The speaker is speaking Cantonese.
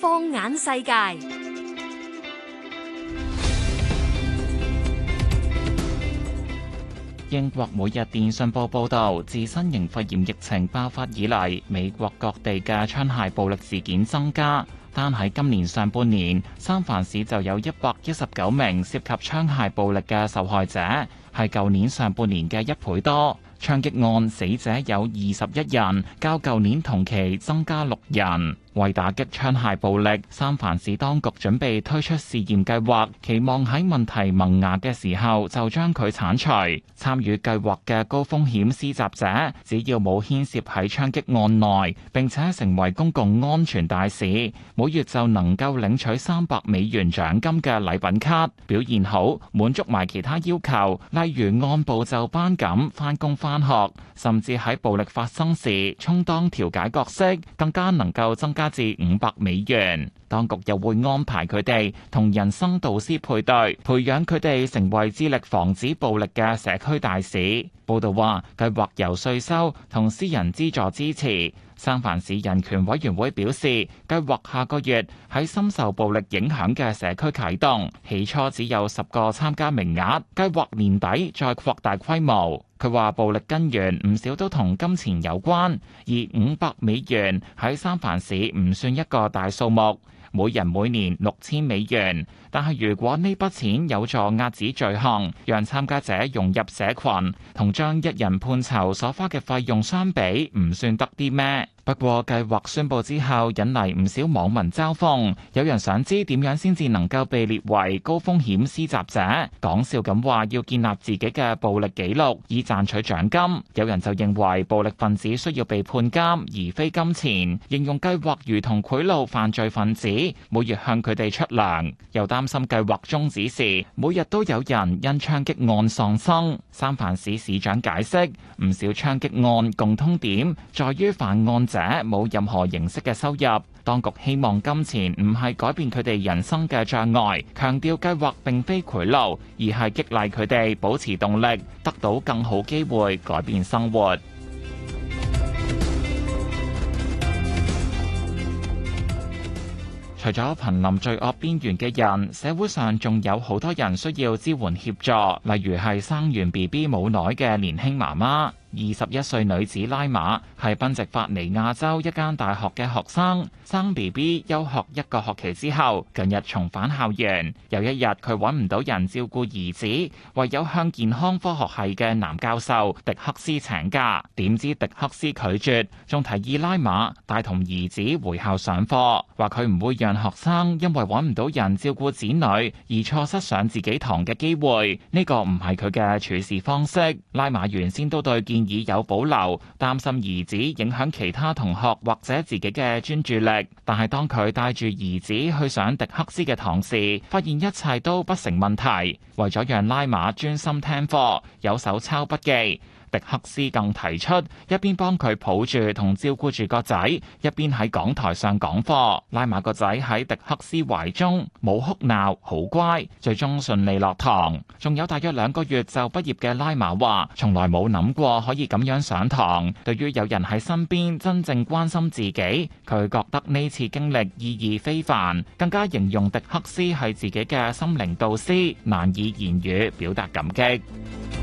放眼世界，英國每日電訊報報道，自新型肺炎疫情爆發以嚟，美國各地嘅槍械暴力事件增加。但喺今年上半年，三藩市就有一百一十九名涉及槍械暴力嘅受害者，係舊年上半年嘅一倍多。槍擊案死者有二十一人，較舊年同期增加六人。為打擊槍械暴力，三藩市當局準備推出試驗計劃，期望喺問題萌芽嘅時候就將佢剷除。參與計劃嘅高風險施襲者，只要冇牽涉喺槍擊案內，並且成為公共安全大使，每月就能夠領取三百美元獎金嘅禮品卡。表現好，滿足埋其他要求，例如按部就班咁返工返學，甚至喺暴力發生時充當調解角色，更加能夠增加加至五百美元，當局又會安排佢哋同人生導師配對，培養佢哋成為致力防止暴力嘅社區大使。報道話，計劃由稅收同私人資助支持。三藩市人權委員會表示，計劃下個月喺深受暴力影響嘅社區啟動，起初只有十個參加名額，計劃年底再擴大規模。佢話暴力根源唔少都同金錢有關，而五百美元喺三藩市唔算一個大數目，每人每年六千美元。但係如果呢筆錢有助壓止罪行，讓參加者融入社群，同將一人判囚所花嘅費用相比，唔算得啲咩。不過計劃宣佈之後引嚟唔少網民嘲諷，有人想知點樣先至能夠被列為高風險施襲者，講笑咁話要建立自己嘅暴力記錄以賺取獎金。有人就認為暴力分子需要被判監而非金錢。應用計劃如同賄賂犯罪分子，每月向佢哋出糧。又擔心計劃終止時，每日都有人因槍擊案喪生。三藩市市長解釋，唔少槍擊案共通點在於犯案者冇任何形式嘅收入，當局希望金錢唔係改變佢哋人生嘅障礙，強調計劃並非賄賂，而係激勵佢哋保持動力，得到更好機會改變生活。除咗瀕臨罪惡邊緣嘅人，社會上仲有好多人需要支援協助，例如係生完 BB 冇耐嘅年輕媽媽。二十一歲女子拉馬係賓夕法尼亞州一間大學嘅學生，生 B B 休學一個學期之後，近日重返校園。有一日佢揾唔到人照顧兒子，唯有向健康科學系嘅男教授迪克斯請假，點知迪克斯拒絕，仲提議拉馬帶同兒子回校上課，話佢唔會讓學生因為揾唔到人照顧子女而錯失上自己堂嘅機會。呢個唔係佢嘅處事方式。拉馬原先都對健已有保留，擔心兒子影響其他同學或者自己嘅專注力。但係當佢帶住兒子去上迪克斯嘅堂時，發現一切都不成問題，為咗讓拉瑪專心聽課，有手抄筆記。迪克斯更提出，一邊幫佢抱住同照顧住個仔，一邊喺講台上講課，拉瑪個仔喺迪克斯懷中，冇哭鬧，好乖，最終順利落堂。仲有大約兩個月就畢業嘅拉瑪話，從來冇諗過可以咁樣上堂。對於有人喺身邊真正關心自己，佢覺得呢次經歷意義非凡，更加形容迪克斯係自己嘅心靈導師，難以言語表達感激。